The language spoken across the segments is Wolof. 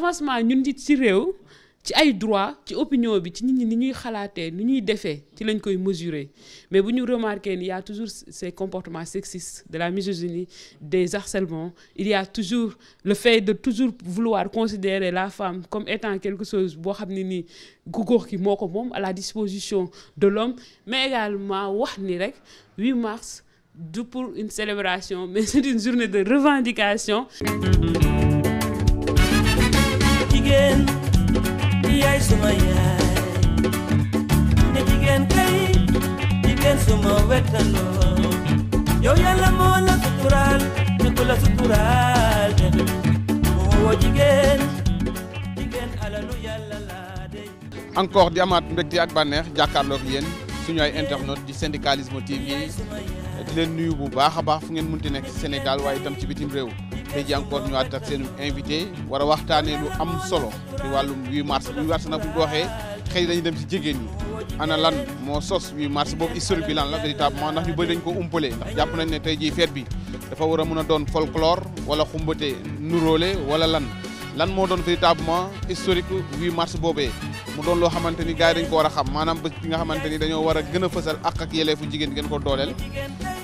avancement ñun nit ci réew ci ay droit ci opinion bi ci nit ñi ni ñuy xalaatee ni ñuy defee ci lañ koy mesurer mais bu ñu remarqué ni y toujours ces comportement sexistes de la misogynie des harcèlements il y toujours le fait de toujours vouloir considérer la femme comme étant quelque chose boo xam ne nii ku ki moo ko moom à la disposition de l'homme mais également wax ni rek 8 mars du pour une célébration mais c'est une journée de revendication jigéen yaay suma yaay ne jigéen kay jigéen suma wettaloo yow yàlla moo la suturaal ne la suturaal te woo jigéen jigéen alalu yàlla laa dey encore di amaat mbégte ak bànneex jàkkaarloog yéen suñu ay di syndicalisme TV di leen nuyu bu baax a baax fu ngeen munti nekk Sénégal waaye itam ci bitim réew tey ji encore ñu àtt ak seen invité war waxtaanee lu am solo ci wàllum 8 mars 8 mars nag bu ñu ko waxee xëy dañu dem si jigéen ñi ana lan moo sos 8 mars boobu historique bi lan la véritablement ndax ñu bëri dañ ko umpale ndax jàpp nañ ne tey jii fête bi dafa war a mën a doon folklore wala xumbate nuróole wala lan lan moo doon véritablement historique 8 mars boobee mu doon loo xamante ni gars dañ ko war a xam maanaam ba bi nga xamante ni dañoo war a gën a fësal ak jigéen gën ko dooleel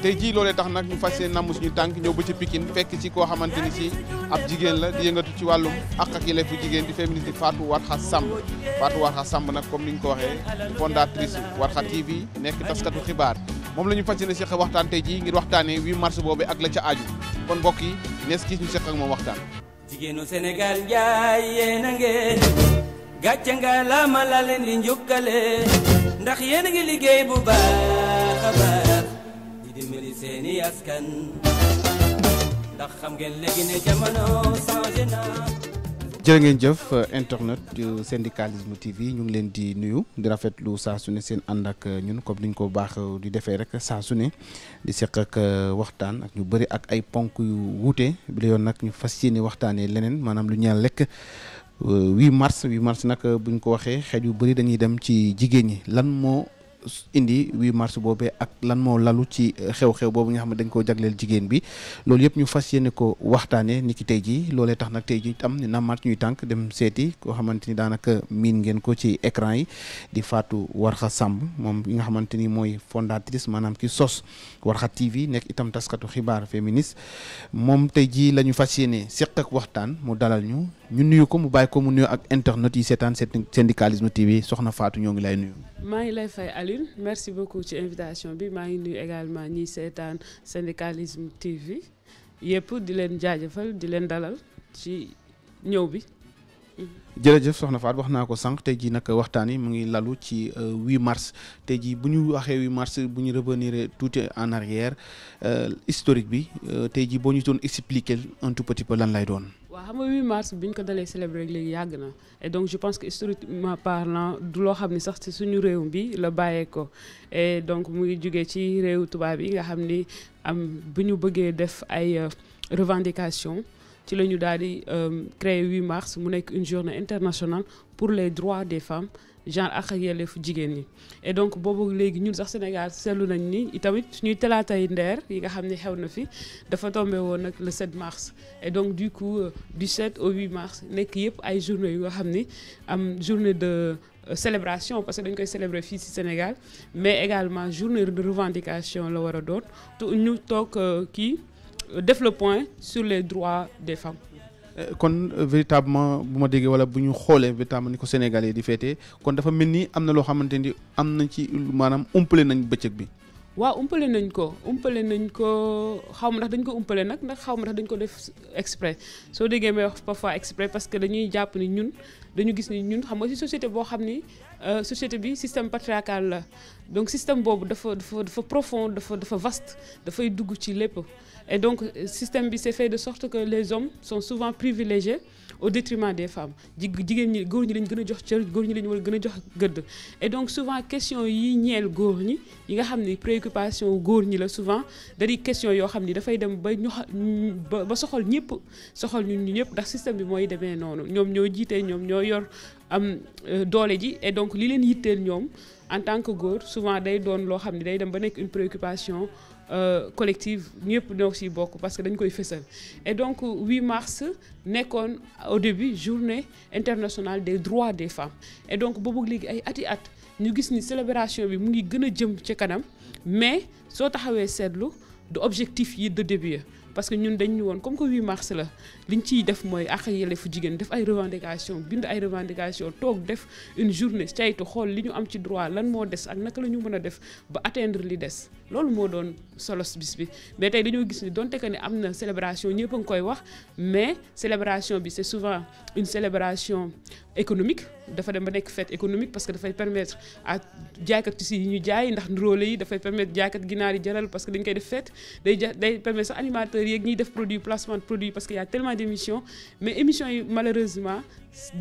tey jii loolee tax nag ñu fas yéene namm suñu tànk ñëw ba ci Pikine fekk ci koo xamante ni si ab jigéen la di yëngatu ci wàllum ak ak yelleefu jigéen di féministe Fatou Warkha Samb Fatou Warkha Samb nag comme ni ñu ko waxee fondatrice Warkha TV nekk taskatu xibaar moom la ñu fas yéene seq waxtaan tey jii ngir waxtaanee 8 mars boobu ak la ca aaju kon mbokk yi nees gis ñu seq ak moom waxtaan. jigéenu Sénégal njaay yéen a ngeen gàcce nga laama la leen di njukkale yéen a ngi liggéey bu seeni askan ndax xam ngeen léegi ne jamono changé na jërë ngeen jëf euh, internet yu syndicalisme TV ñu ngi leen di nuyu di rafetlu saa su seen ànd ak euh, ñun comme niñ ko baax euh, di defee rek saa su di seq ak waxtaan ak ñu bëri ak ay ponk yu wuute bi yoon nag ñu fas yéene waxtaanee leneen maanaam lu ñaan lekk 8 mars 8 mars nag buñ ko waxee xel yu bari dañuy dem ci jigéen ñi lan moo indi 8 mars boobee ak lan moo lalu ci euh, xew-xew boobu nga xam ne dañ koo jagleel jigéen bi loolu yëpp ñu fas yéene ko waxtaanee ni ki tey jii loolee tax nag tey jii tam ñu nammaat ñuy tànk dem seeti koo xamante ni daanaka miin ngeen ko ci écran yi di Fatou Warkha Samb moom nga xamante ni mooy fondatrice maanaam ki sos Warkha TV nekk itam taskatu xibaar féministe moom tey jii la ñu fas yéene seq ak waxtaan mu dalal ñu ñu nuyu ko mu bàyyi ko mu nuyu ak internet yi seetaan syndicalisme TV soxna faatu ñoo ngi lay nuyu. maa merci beaucoup ci invitation bi maa ngi nuyu également ñiy seetaan syndicalisme TV yëpp di leen jaajëfal di leen dalal ci ñëw bi. jërëjëf soxna Faat wax naa ko sànq tey jii nag waxtaan yi mu ngi lalu ci 8 euh, mars te jii bu ñu waxee 8 mars bu ñu revenir tuuti en arrière euh, historique bi euh, tey jii boo ñu doon explique un tout petit peu lan lay doon. waa xam nga 8 mars bi ñu ko dalee célébrer rek léegi yàgg na et donc je pense que historiquement parlant du loo xam ni sax ci suñu réew bi la bàyyee ko et donc mu ngi jugee ci réew tubaab yi nga xam ni am bu ñu bëggee def ay euh, revendication ci la ñu daal di euh, créer 8 mars mu nekk une journée internationale pour les droits des femmes genre ak ak fu jigéen ñi et donc boobu léegi ñun sax Sénégal seetlu nañ ni itamit suñuy talaatay ndeer yi nga xam ni xew na fi dafa tombé woon nag le 7 mars et donc du coup euh, du 7 au 8 mars nekk yëpp ay journée yu nga xam ni am journée de euh, célébration parce que dañ koy célébrer fii ci Sénégal mais également journée de revendication la war a doon ñu toog euh, kii def point sur les droits des femmes kon euh, véritablement bu ma déggee wala bu ñu xoolee véritablement ni ko Sénégalais di féetee kon dafa mel nii am na loo xamante ni am nañ ci maanaam umpale nañ bëccëg bi. waaw umpale nañ ko umpale nañ ko xaw ma ndax dañ ko umpale nag ndax xaw ma ndax dañ ko def exprès soo déggee may wax parfois exprès parce que dañuy jàpp ni ñun dañu gis ni ñun xam nga ci société boo xam ni euh, société bi système patriarcal la donc système boobu dafa dafa dafa profond dafa dafa vaste dafay dugg ci lépp. Et donc, le euh, système s'est fait de sorte que les hommes sont souvent privilégiés au détriment des femmes. gëdd donc, souvent, question yi ñeel góor ñi yi nga xam ni préoccupation góor ñi la souvent da di question yoo xam ni dafay dem ba ñu ba soxal ñëpp soxal ñu ñëpp ndax système bi mooy demee noonu ñoom ñoo jiitee ñoom ñoo yor am euh, doole ji et donc li leen yitteel ñoom en tant que góor souvent day doon loo xam ne day dem ba nekk une préoccupation Euh, collective ñëpp ñoo si bokk parce que dañ koy fësal et donc 8 mars nekkoon au début journée internationale des droits des femmes et donc boobu léegi ay ati at ñu gis ni célébration bi mu ngi gën a jëm ci kanam mais soo taxawee seetlu du objectif yi de début parce que ñun dañu woon comme que 8 mars la liñ ciy def mooy ak yelleefu jigéen def ay revendication bind ay revendication toog def une journée caytu xool li ñu am ci droit lan moo des ak naka la ñu mën a def ba atteindre li des loolu moo doon solos bis bi mais tey dañoo gis ni donte que ni am na célébration ñëpp nga koy wax mais célébration bi c'est souvent une célébration économique dafa dem ba nekk fête économique parce que dafay permettre à jaaykat tissu yi ñu jaay ndax ndróole yi dafay que dañ koy def producteurs yeeg ñuy def produit placement de produit parce que y a tellement d' émissions mais émissions yi malheureusement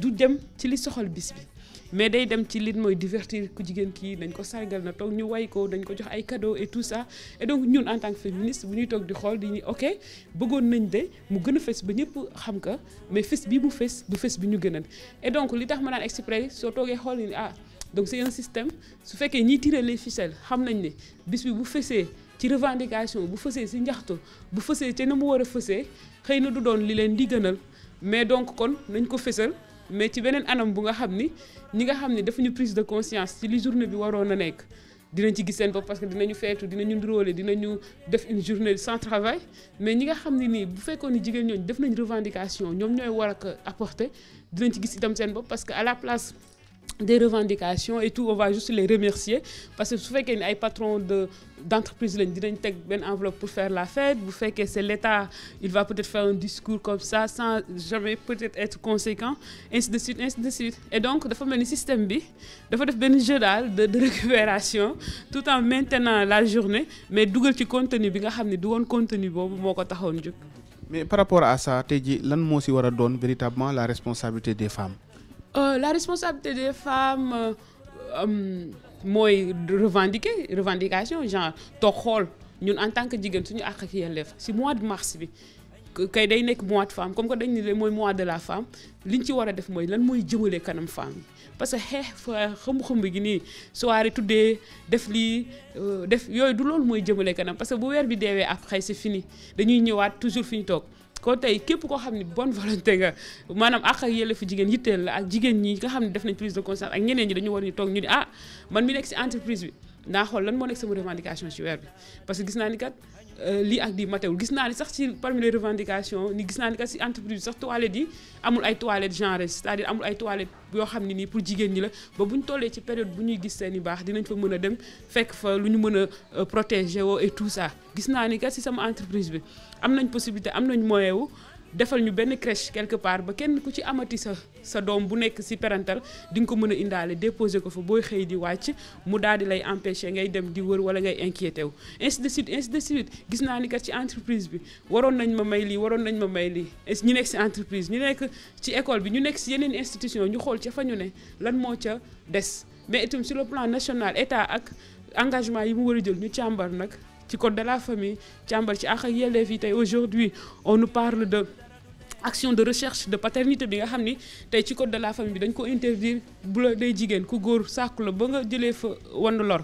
du dem ci li soxal bis bi mais day dem ci li mooy divertir ku jigéen kii dañ ko sargal na toog ñu way ko dañ ko jox ay cadeaux et tout ça et ñun en tant que féministe bu ñuy toog di xool di ñu ok bëggoon nañ de mu gën a ba ñëpp xam ka mais fës bi mu fës bu fës bi ñu gënal et donc li tax ma naan exprès soo toogee xool ni ah donc c' est un su fekkee ñiy tirer les ficelles xam nañ ne bis bu fësee. ci revendication bu fësee si njaxtu bu fësee ca na mu war a fësee xëy na du doon li leen di gënal mais donc kon nañ ko fësal mais ci beneen anam bu nga xam ni ñi nga xam ni defuñu prise de conscience ci li journée bi waroon a nekk dinañ ci gis seen bopp parce que dinañu feetu dinañu ndróole dinañu def une journée sans travail mais ñi nga xam ne nii bu fekkoon ni jigéen ñooñ def nañ revendication ñoom ñooy war a ko apporter dinañ ci gis itam seen bopp parce que à la des revendications et tout on va juste les remercier parce que su fekkee ni ay patron de d'entreprise lañ dinañ teg benn enveloppe pour faire la fête bu fekkee c'est l'État il va peut-être faire un discours comme ça sans jamais peut-être conséquent ainsi de et donc dafa mel ni système bi dafa def benn jeu daal de de récupération tout en maintenant la journée mais dugal ci contenu bi nga xam ne du woon contenu boobu moo ko taxoon jóg mais par rapport à ça lan moo si war a doon véritablement la responsabilité des femmes Euh, la responsabilité des femmes euh, euh, mooy revendiquer revendication genre toog xool ñun en tant que jigéen suñu àq ak yelleef si mois de mars bi kay day nekk mois de femme comme que dañ ne mooy mois de la femme liñ ci war a def mooy lan mooy jëmale kanam femme yi parce que xeex fa xëmb-xëmb gi nii soir soirée tuddee def lii def yooyu du loolu mooy jëmale kanam parce que bu weer bi deewee après si fini dañuy ñëwaat toujours fi ñu toog kon tey képp koo xam ne bonne volonté nga maanaam ak ak yelleefu jigéen yitteel la ak jigéen ñi nga xam ne def nañ prise de conscience ak ñeneen ñi dañu war ñu toog ñu ni ah man mi nekk si entreprise bi naa xool lan moo nekk sama revendication ci weer bi parce que gis naa ni kat Euh, lii ak di matewul gis naa ni sax ci parmi les revendications ni gis naa ni que si entreprise sax toilettes yi amul ay toilettes genre c'est-à-dire amul ay toilettes yoo xam ne nii pour jigéen ñi la ba bu ñu tollee ci période bu ñuy gis seeni baax dinañ fa mën a dem fekk fa lu ñu mën a euh, protéger woo et tout ça gis naa ni que si sama entreprise bi am nañ possibilité am nañ moyen wu defal ñu benn crèche quelque part ba kenn ku ci amati sa sa doom bu nekk si parental di nga ko mën a indaale déposé ko fa booy xëy di wàcc mu daal di lay empêché ngay dem di wër wala ngay inquiété wu ainsi de suite ainsi de suite gis naa ni kat ci entreprise bi waroon nañ ma may lii waroon nañ ma may lii ñu nekk si entreprise ñu nekk ci école bi ñu nekk si yeneen institution ñu xool ca fa ñu ne lan moo ca des mais itam sur le plan national état ak engagement yi mu war a jël ñu càmbar nag ci code de la famille càmbar ci àq ak yelleef yi tey aujourd'hui on nous parle de action de recherche de paternité bi nga xam ni tey ci code de la famille bi dañ ko interdire bu la day jigéen ku góor sàkku la ba nga jëlee fa wann lor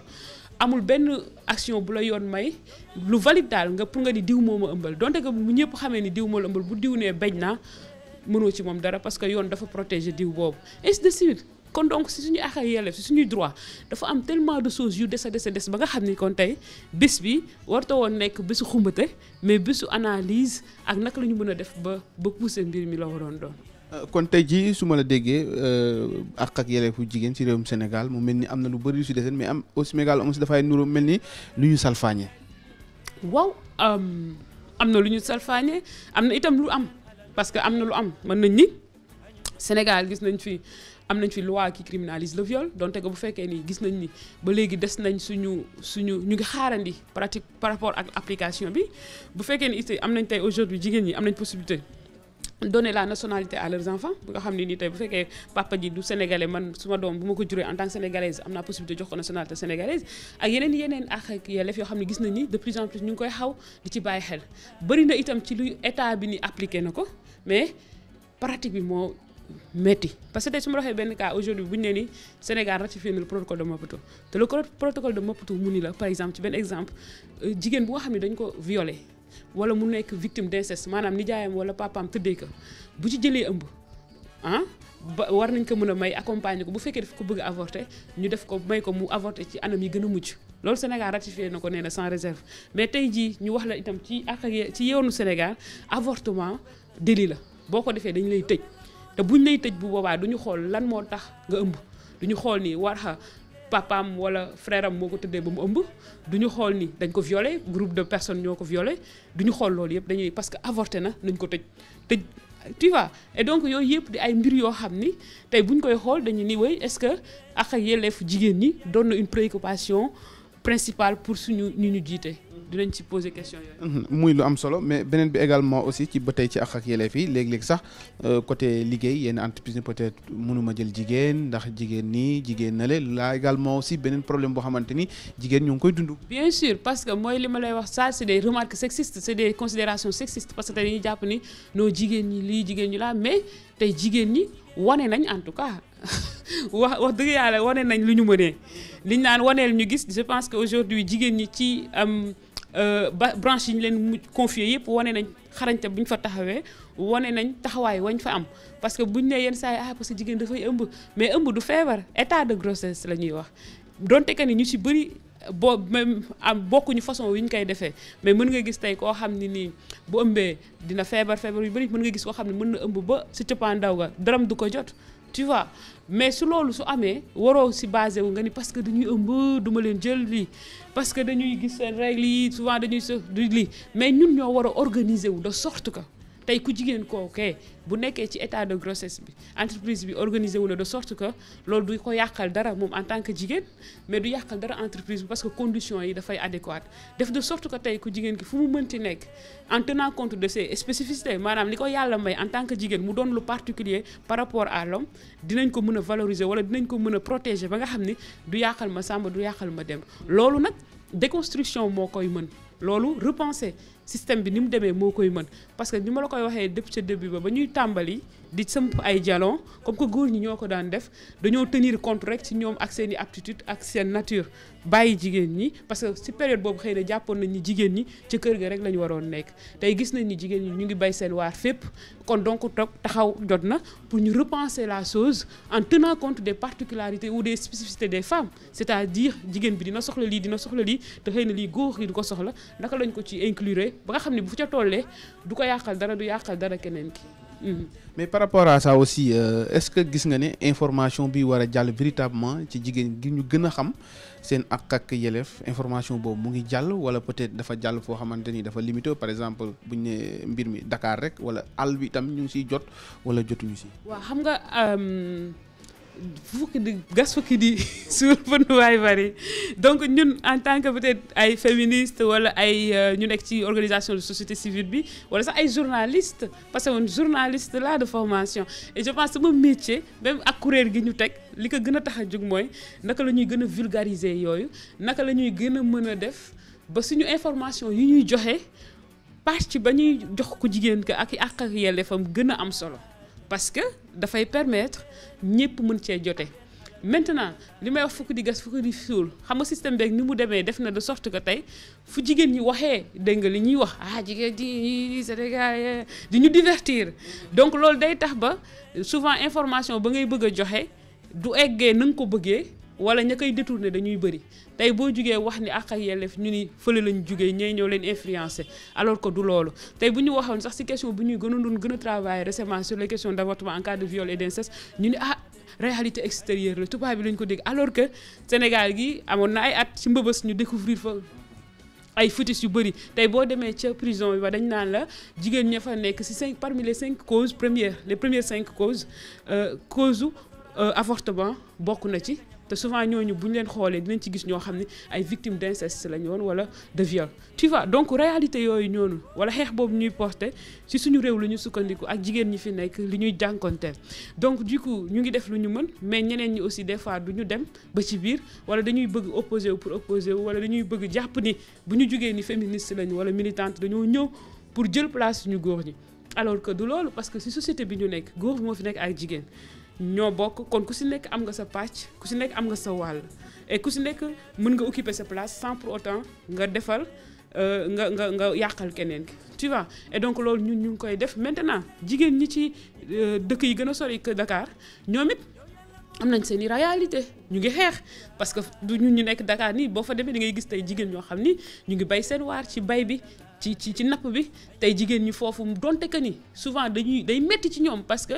amul benn action bu la yoon may lu valide daal nga pour nga ni diw moo ma ëmbal donte que bu ñëpp xamee ni diw moo la ëmbal bu diw nee bañ naa mënoo ci moom dara parce que yoon dafa protéger diw boobu ainsi de suite kon donc si suñu àq ak si suñuy droit dafa am tellement de choses yu des a des a des ba nga xam ni kon tey bés bi warta woon nekk bésu xumbate mais bésu analyse ak naka la ñu mën a def ba ba pousser mbir mi la waroon doon. Euh, kon tey jii su ma la déggee euh, àq ak yelleefu jigéen ci réewum Sénégal mu mel ni am na lu bëri yu si deseen mais am au Sénégal am si dafay nuru mel ni lu ñu salfaañe. waaw am na lu ñu salfaañe am na itam lu am parce que am na lu am mën nañ ni Sénégal gis nañ fi. am nañ fi loi qui criminalise le viol donte que bu fekkee ni gis nañ ni ba léegi des nañ suñu suñu ñu ngi xaarandi pratique par rapport ak application bi bu fekkee ni it am nañ tey aujourd'hui jigéen ñi am nañ possibilité donner la nationalité à leurs enfants bu nga xam ne nii tey bu fekkee papa ji du sénégalais man suma doom bu ko juree en tant que sénégalaise am naa possibilité jox ko nationalité sénégalaise ak yeneen yeneen ak ak yelleef yoo xam ne gis nañ ni de plus en plus ñu ngi koy na itam ci lu état bi na ko mais métti parce que tey su ma waxee benn cas aujourd'hui bu ñu nee ni Sénégal ratifié na le protocole de Maputo te le protocole de Maputo mu ni la par exemple ci benn exemple euh, jigéen bu nga xam ne dañ ko violé wala mu nekk victime d'inceste maanaam nijaayam wala papaam tëddee ko bu ci jëlee ëmb ah ba war nañ ko mën a may accompagner ko bu fekkee daf ko bëgg a ñu def ko may ko mu avorter ci anam yi gën a mujj loolu Sénégal ratifié na ko nee na sans réserve mais tey jii ñu wax la itam ci ak ci yoonu Sénégal avortement délit la boo ko defee dañu lay tëj. te buñ lay tëj bu boobaa du ñu xool lan moo tax nga ëmb ñu xool ni war xa papaam wala frère am moo ko tëddee ba mu ëmb du ñu xool ni dañ ko violé groupe de personne ñoo ko violé duñu xool loolu yëpp dañuy parce que avorté na nañ ko tëj tëj ti vois et donc yooyu yëpp di ay mbir yoo xam ni tey buñ koy xool dañu ni way est-ce que ak yelleefu jigéen ñi doon na une préoccupation principal pour suñu ñu ñu jiite. dinañ ci poser question mhm. muy lu am solo mais beneen bi également aussi ci ba tey ci ak ak yelleef yi léeg-léeg sax euh, côté liggéey yenn entreprise ni peut-être mënuma jël jigéen ndax jigéen nii jigéen na leen laa également aussi beneen problème boo xamante ni jigéen ñoo ngi koy dund. bien sûr parce que mooy li ma lay wax ça c'est des remarques sexistes c'est des considérations sexistes parce que tey dañuy jàpp ni non jigéen ñi lii jigéen ñi laa mais tey jigéen ñi wane nañ en tout cas. wax wax dëgg yàlla wane nañ lu ñu mënee liñ naan waneel ñu gis je pense que aujourd'hui jigéen ñi ci am euh, ba branche yi ñu leen mu confié yëpp wane nañ xarañte bu ñu fa taxawee wane nañ taxawaay wañ fa am parce que buñ ne yenn saa yi ah parce que jigéen dafay ëmb mais ëmb du feebar état de grossesse la ñuy wax donte que ni ñu ci bëri boo même am bokkuñu façon wi ñu koy defee mais mën nga gis tey koo xam ni nii bu ëmbee dina feebar feebar yu bëri mën nga gis koo xam ne mën na ëmb ba ci cëppaandaw ga dërëm du ko jot tu vois mais su loolu su amee waroo si basé wu nga ni parce que dañuy ëmb duma leen jël lii parce que dañuy gis seen règle yi souvent dañuy sa du lii mais ñun ñoo war a organiser wu de sorte que tey ku jigéen kookee bu nekkee ci état de grossesse bi entreprise bi organisé wu de sorte que loolu du ko yàqal dara moom en tant que jigéen mais du yàqal dara entreprise bi parce que conditions yi dafay adéquate def de sorte que tey ku jigéen ki fu mu mënti nekk en tenant compte de ses spécificités maanaam li ko yàlla may en tant que jigéen mu doon lu particulier par rapport à l'homme dinañ ko mën a valoriser wala dinañ ko mën a protéger ba nga xam ni du yàqal ma sàmba du yàqal ma dem loolu nag déconstruction moo koy mën loolu système bi ni mu demee moo koy mën parce que ni ma la koy waxee depuis ca début ba ba ñuy tàmbali di sëmp ay jalon comme que góor ñi ñoo ko daan def dañoo tenir compte rek ci ñoom ak seeni i aptitude ak seen nature bàyyi jigéen ñi parce que ci période boobu xëy na jàppoon nañ ni jigéen ñi ci kër ga rek la ñu waroon nekk tey gis nañ ni jigéen ñi ñu ngi bay seen waar fépp kon donc toog taxaw jot na pour ñu repenser la chose en tenant compte des particularités ou des spécificités de femmes c'est-à-dire jigéen bi dina soxla lii dina soxla lii te xëy na lii góor yi du ko soxla naka lañ ko ci inclurer ba nga xam ne bu ca tollee du ko yàqal dara du yàqal dara keneen ki Mm-hmm. mais par rapport à ça aussi euh, est-ce que gis nga ne information bi war a jàll véritablement ci jigéen gi ñu gën a xam seen ak ak yelleef information boobu mu ngi jàll wala peut-être dafa jàll foo xamante ni dafa limité par exemple bu ñu nee mbir mi dakaar rek wala àll bi tam ñu ngi siy jot wala jotuñu si. waaw xam nga. Euh, fukki di gas fukki di suur pënd waay bari donc ñun en tant que peut ay féministe wala ay euh, ñu nekk ci organisation de société civile bi wala sax ay journalistes parce que man journaliste laa de formation et je pense sama métier même ak kuréel gi ñu teg li ko gën a tax a jóg mooy naka la ñuy gën a vulgariser yooyu naka la ñuy gën a mën a def ba suñu information yi ñuy joxe pàcc ba ñuy jox ko jigéen ka ak ak yelleefam gën a am solo parce que dafay permettre ñëpp mën cee jote maintenant li may wax fukk di gas fukk di suul xam nga système beeg ni mu demee def na de sort que tey fu jigéen ñi waxee dégg nga li ñuy wax ah jigéen di Sénégal di ñu divertir donc loolu day tax ba souvent information ba ngay bëgg a joxe du eggee na nga ko bëggee wala ña koy détourné dañuy bëri tey boo jugee wax ni àq ak yelleef ñu ni fële lañ jugee ñee ñëw leen influencé alors que du loolu tey bu ñu waxoon sax ci question bu ñuy gënoon doon gën a travailler récemment sur les questions d'avortement en cas de viol et d'inceste ñu ni ah réalité extérieure la tubaab bi lañ ko dégg alors que Sénégal gi amoon na ay at ci mbëbës ñu découvrir fa ay fœtus yu bëri tey boo demee ca prison bi ba dañ naan la jigéen ña fa nekk ci cinq parmi les cinq causes premières les premières cinq causes euh, cause u euh, bokk na ci te souvent ñooñu bu ñu leen xoolee dinañ ci gis ñoo xam ne ay victimes d'inceste lañu woon wala de viol tu vois donc réalité yooyu ñoonu wala xeex boobu ñuy porté ci suñu réew lu ñu sukkandiku ak jigéen ñi fi nekk li ñuy jànkonteel donc du coup ñu ngi def lu ñu mën mais ñeneen ñi aussi des fois du ñu dem ba ci biir wala dañuy bëgg opposé wu pour opposé wu wala dañuy bëgg jàpp ni bu ñu jugee ni féministe lañu wala militante dañoo ñëw pour jël place suñu góor ñi alors que du parce que ci société bi ñu nekk góor moo fi nekk ak jigéen ñoo bokk kon ku si nekk am nga sa pàcc ku si nekk am nga sa wàll et ku si nekk mën nga occuper sa place sans pour autant nga defal euh, nga nga nga yàqal keneen ki tu vois et donc loolu ñun ñu ngi koy def maintenant jigéen ñi ci euh, dëkk yi gën a sori que dakaar ñoom it am nañ seen i réalité ñu ngi xeex parce que du ñun ñu nekk Dakar nii boo fa demee da ngay gis tey jigéen ñoo xam ni ñu ngi bay seen waar ci bay bi ci ci ci napp bi tey jigéen ñi foofu donte que ni souvent dañuy day métti ci ñoom parce que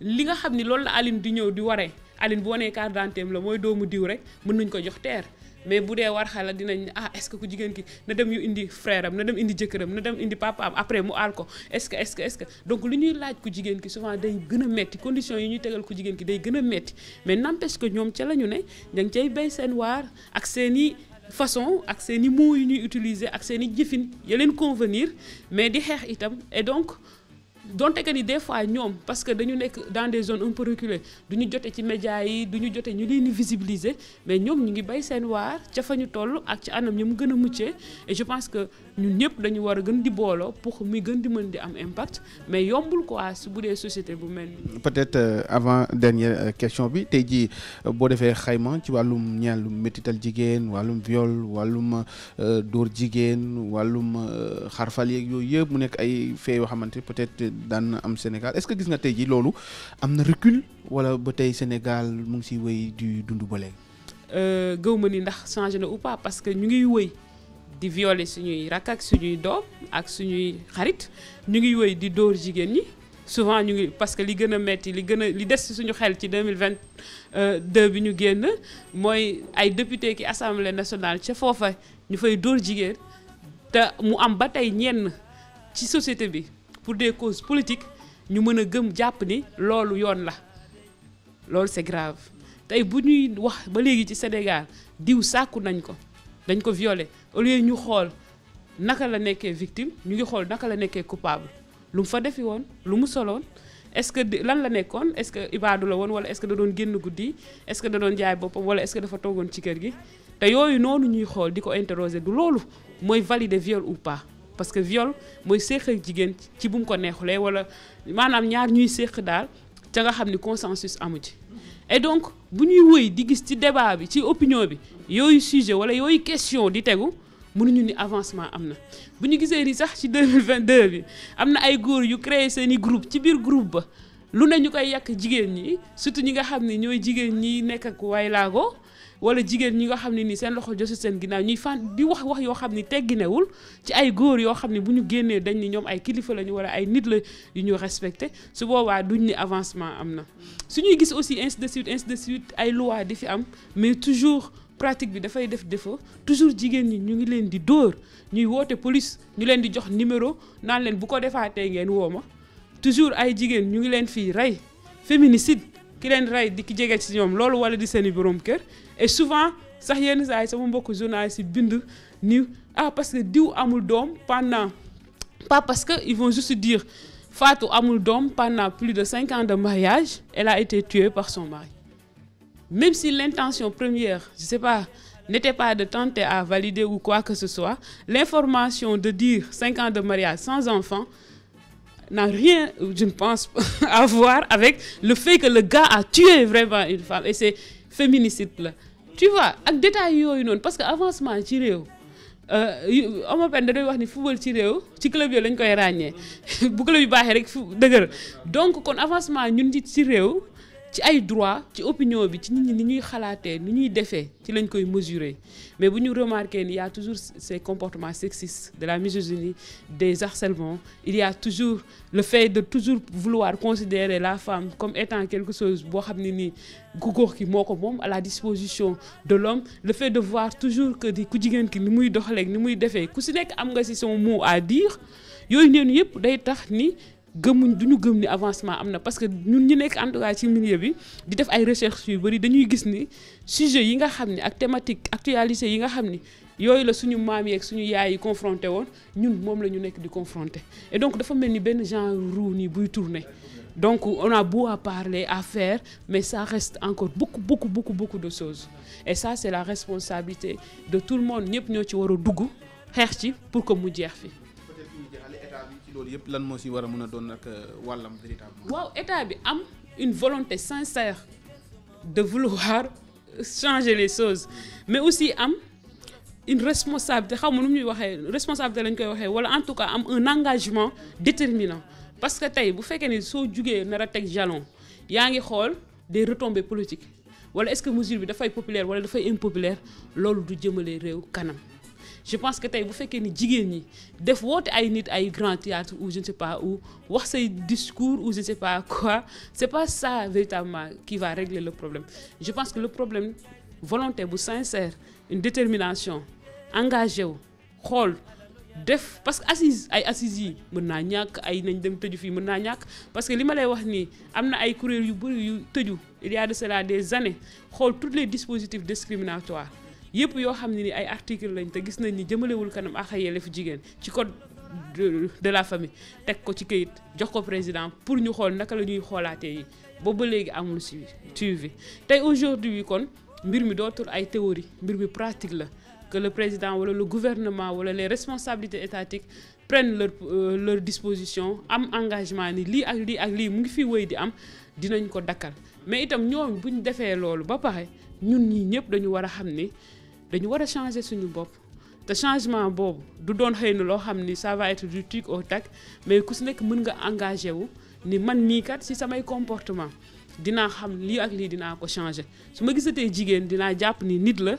li nga xam ni loolu la alin di ñëw di waree Aline bu wanee carte d'identité am mooy doomu diw rek mën nañ ko jox teer mais bu dee war xala dinañ ah est-ce que ku jigéen ki na dem yu indi frère am na dem indi jëkkëram na dem indi papa après mu al ko est-ce que donc li ñuy laaj ku jigéen ki souvent day gën a metti condition yi ñuy tegal ku jigéen ki day gën a metti mais n'empêche que ñoom ca la ñu ne ña cay bay seen waar ak seen façon ak seen i mots yu ñuy utiliser ak seeni jëfin ya convenir mais di xeex itam et donc donte que ni des fois ñoom parce que dañu nekk dans des zones un peu du ñu jote ci médias yi duñu jote ñu leen ni visibiliser mais ñoom ñu ngi bay seen waar ca fa ñu toll ak ci anam ñi mu gën a muccee et je pense que ñun ñëpp dañu war a gën di booloo pour muy gën di mën di am impact mais yombul quoi su bu dee société bu mel ni peut-être euh, avant dernière euh, question bi tey jii euh, boo defee xayma ci wàllum ñeel métital jigéen wàllum viol wàllum dóor jigéen wàllum xarfal yeeg yooyu yëpp mu nekk ay fee yoo xamante peut-être daan am Sénégal est-ce que gis nga tey ji loolu am na recul wala ba tey Sénégal mu ngi siy wéy di dund ba léegi. Euh, gëw ma ni ndax changé na ou pas parce que ñu ngiy wëy di violer suñuy rakk ak suñuy doom ak suñuy xarit ñu ngi wëy di dóor jigéen ñi souvent ñu ngi parce que li gën a metti li gën a li des suñu xel ci vingt 2022 bi ñu génn mooy ay député ki assemblée nationale ca foofa ñu fay dóor jigéen te mu am ba tey ñenn ci société bi pour des causes politiques ñu mën a gëm jàpp ni loolu yoon la loolu c'est grave tey bu ñuy wax ba léegi ci Sénégal diw sàkku nañ ko dañ ko violé au lieu ñu xool naka la nekkee victime ñu ngi xool naka la nekkee coupable lu mu fa defi woon lu mu soloon est-ce que lan la nekkoon est-ce que ibaadu la woon wala est-ce que da doon génn guddi est-ce que da doon jaay boppam wala est-ce que dafa toogoon ci kër gi te yooyu noonu ñuy xool di ko interroger du loolu mooy valider viol ou pas parce que viol mooy séq jigéen ci bu mu ko neexulee wala maanaam ñaar ñuy séq daal ca nga xam ni consensus amu ci et donc bu ñuy wëy di gis ci débat bi ci opinion bi yooyu sujet wala yooyu question di tegu mënuñu ni avancement am na bu ñu gisee ni sax ci vingt 2022 bi am na ay góor yu créé seeni groupe ci biir groupe ba lu ne ñu koy yàkk jigéen ñi surtout ñi nga xam ni ñooy jigéen ñi nekk ak way laago wala jigéen ñi nga xam ne nii seen loxo josu seen ginnaaw ñuy fan di wax wax yoo xam ni tegginewul ci ay góor yoo xam ne bu ñu génnee dañ ni ñoom ay kilifa lañu wala ay nit la yu ñu respecté su boobaa duñ ni avancement am na suñuy gis aussi ainsi de suite ainsi de suite ay loi di fi am mais toujours pratique bi dafay def défaut toujours jigéen ñi ñu ngi leen di dóor ñuy woote police ñu leen di jox numero naan leen bu ko defaatee ngeen woo ma toujours ay jigéen ñu ngi leen fii rey ki leen rey di ki jege ci ñoom loolu wala di seen i borom kër et souvent sax yenn saa yi sama mbokk journaliste si bind ni ah parce que diw amul doom pendant pas parce que ils von juste dire Fatou amul doom pendant plus de cinq ans de mariage elle a été tuée par son mari même si l'intention première je sais pas n'était pas de tenter à valider ou quoi que ce soit l'information de dire cinq ans de mariage sans enfant n'a rien, je ne pense, à voir avec le fait que le gars a tué vraiment une femme. Et c'est féminicide là. Tu vois, ak détail yooyu noonu parce que avancement ci réew euh, Omar Pène da doy wax ni football ci réew ci club yooyu lañ koy ràññee bu club yu baaxee rek fu dëgër donc kon avancement ñun ci ci réew ci ay droit ci opinion bi ci nit ñi ni ñuy xalaatee ni ñuy defee ci lañ koy mesurer mais bu ñu remarqué ni y toujours ces comportement sexistes de la misogynie des harcèlements il y toujours le fait de toujours vouloir considérer la femme comme étant quelque chose boo xam ne nii ku góor ki moo ko moom à la disposition de l'homme le fait de voir toujours que ku jigéen ki ni muy doxaleeg ni muy defee ku si nekk am nga si son mot à dire yooyu noonu yëpp day tax ni gëmuñ du ñu gëm ni avancement am na parce que ñun ñu nekk en ci milieu bi di def ay recherche yu bëri dañuy gis ni sujet yi nga xam ni ak thématique actualité yi nga xam ni yooyu la suñu maam yeeg suñu yaay yi confronté woon ñun moom la ñu nekk di confronté et donc dafa mel ni benn genre roue nii buy tourner donc on a beau à parler à faire mais ça reste encore beaucoup bukk bukk beaucoup de choses et ça c'est la responsabilité de tout le monde ñëpp ñoo ci war a dugg xeex ci pour que mu jeex fi loolu yëpp lan moo si war a mën a doon nag euh, wàllam véritablement. waaw état bi am une volonté sincère de vouloir changer les choses mais aussi am une responsabilité xaw ma nu muy waxee responsabilité lañ koy waxee walla en tout cas am un engagement déterminant parce que tey bu fekkee ne soo jugee nar a teg jalon yaa ngi xool des retombées politiques walla est-ce que mesure bi dafay populaire walla dafay impopulaire loolu du jëmale réew kanam. je pense que tey bu fekkee ni jigéen ñi def woote ay nit ay grand théâtre ou je ne sais pas ou wax say discours ou je ne sais pas quoi c'est pas ça véritablement qui va régler le problème je pense que le problème volonté bu sincère une détermination engagé wu xool def parce que assise ay assises yi mën naa ñàkk ay nañ dem tëju fii mën naa ñàkk parce que li ma lay wax nii am na ay kuréel yu bëri yu tëju il y a de cela des années xool tout les dispositifs discriminatoires yëpp yoo xam ne ni ay article lañ te gis nañ ni jëmalewul kanam ak yelleefu jigéen ci code de la famille teg ko ci kayit jox ko président pour ñu xool naka la ñuy xoolaatee yi booba léegi amul suivi suivi tey aujourd'hui kon mbir mi dootul ay théorie mbir mi pratique la que le président wala le gouvernement wala les responsabilité étatique prennent leur euh, leur disposition am engagement ni lii ak lii ak lii mu ngi fi woy di am dinañ ko dakal mais itam ñoom bu ñu defee loolu ba pare ñun ñii ñëpp dañu war a xam ni dañu war a changer suñu bopp te changement boobu du doon xëy na loo xam ni ça va être du au tac mais ku si nekk mën nga engagé wu ni man mii kat si samay comportement dinaa xam lii ak lii dinaa ko changer su ma gisatee jigéen dinaa jàpp nii nit la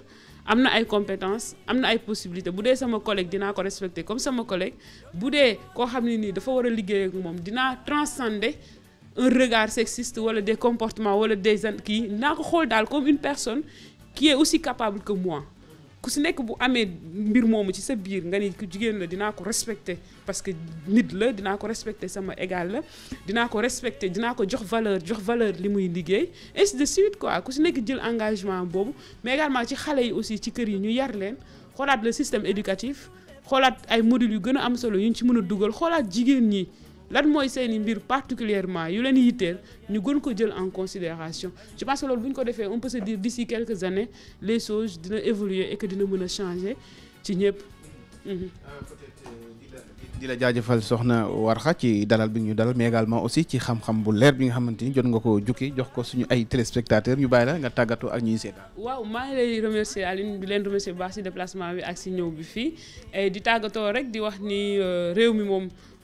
am na ay compétence am na ay possibilité bu dee sama collègue dinaa ko respecter comme sama collègue bu dee koo xam ne nii dafa war a liggéey ak moom dinaa transcender un regard sexiste wala des comportements wala des kii dinaa ko xool daal comme une personne qui aussi capable que moi ku si nekk bu amee mbir moomu ci sa biir nga ni ku jigéen la dinaa ko respecté parce que nit la dinaa ko respecté sama égale la dinaa ko respecté dinaa ko jox valeur jox valeur li muy liggéey ainsi de suite quoi ku si nekk jël engagement boobu mais également ci xale yi aussi ci kër yi ñu yar leen xoolaat la système éducatif xoolaat ay modules yu gën a am solo yu ñu ci mën a dugal xoolaat jigéen ñi lan mooy seeni mbir particulièrement yu leen yitteel ñu gën ko jël en considération je pense que loolu bu ko defee on peut se di si quelques années les choses dina évoluer et que dina mën a changer ci ñëpp. Mhm. di la jaajëfal soxna Warxa ci dalal bi ñu dalal mais aussi ci xam-xam bu leer bi nga xamante ni jot nga ko jukki jox ko suñu ay téléspectateurs ñu bàyyi la nga tàggatoo ak ñuy seetaan. waaw maa ngi lay remercier Aline di leen remercier baax si déplacement bi ak si ñëw bi fii di tàggatoo rek di wax ni euh, réew mi moom.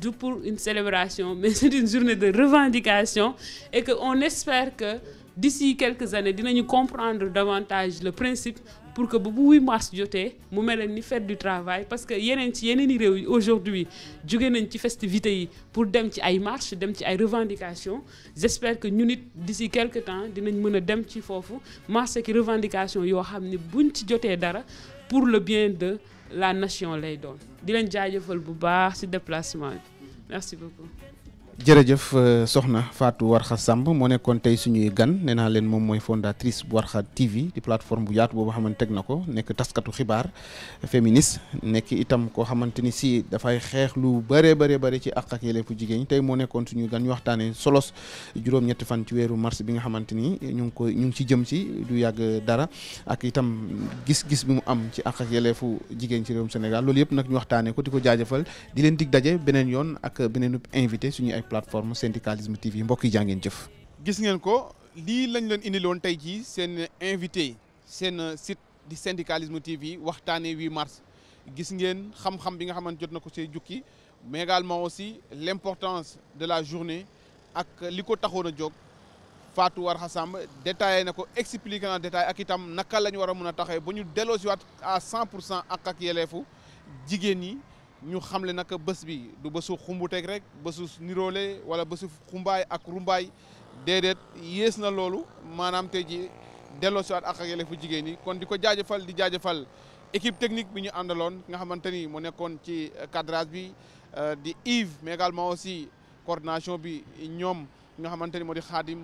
du pour une célébration, mais c'est une journée de revendication et qu'on espère que d'ici quelques années, nous comprendre davantage le principe pour que bu huit mars jotee mu mel ni fête du travail parce que yeneen ci yeneen i réew yi aujourd'hui joge nañ ci festivités yi pour dem ci ay marches dem ci ay revendications j'espère que ñun it d'ici quelque temps dinañ mën a dem ci foofu marché ki revendication yoo xam ni buñ ci jotee dara pour le bien de la nation lay doon di leen jaajëfal bu baax ci déplacement bi merci beaucoup jërëjëf euh, soxna faatu war Warkha Samb moo nekkoon tey suñuy gan nee naa leen moom mooy fondatrice bu Warkha TV di plateforme bu yaatu boobu xamante teg na ko nekk taskatu xibaar féministe nekk itam koo xamante ni si dafay xeex lu bëree bëree bëri ci àq ak yelleefu jigéen ñi tey moo nekkoon suñuy gan ñu waxtaanee solos juróom-ñetti fan ci weeru mars bi nga xamante ni ñu ngi koy ñu ngi ci jëm si du yàgg dara ak itam gis-gis bi mu am ci àq ak yelleefu jigéen ci réewum Sénégal loolu yëpp nag ñu waxtaanee ko di ko jaajëfal di leen dig daje beneen yoon beneen invité suñuy ay plateforme syndicalisme TV mbokk yi jàngeen gis ngeen ko lii lañ leen indiloon tey jii seen invité seen site di syndicalisme TV waxtaanee 8 mars gis ngeen xam-xam bi nga xamante jot na ko see jukki mais également aussi l' importance de la journée ak li ko taxoon a jóg war xa Samb détaillé na ko expliqué na détail ak itam naka la ñu war a mën a taxee ba ñu delloosiwaat à 100 pour cent ak ak yeleefu jigéen ñi. ñu xamle naka bës bi du bësu xumbuteeg rek bésu niroole wala bésu xumbaay ak rumbaay déedéet yees na loolu maanaam tey ji delloo si waat ak ak yelleefu jigéen ñi kon di ko jaajëfal di jaajëfal équipe technique bi ñu àndaloon nga xamante ni mu nekkoon ci cadrage bi euh, di Yves mégalement aussi coordination bi ñoom nga xamante ni moo di xaadim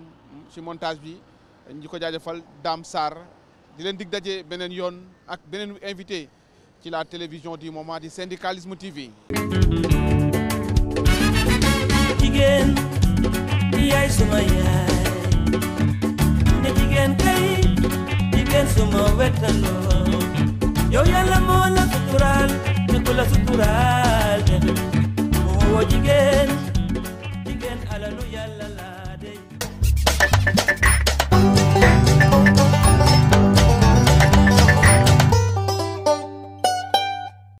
si montage bi di ko jaajëfal daam Sarr di leen dig daje beneen yoon ak beneen invité ci la télévision du moment di syndicalisme TV. jigéen yaay suma yaay ne jigéen kay jigéen suma wetandoo yow yàlla moo la ne ko woo jigéen.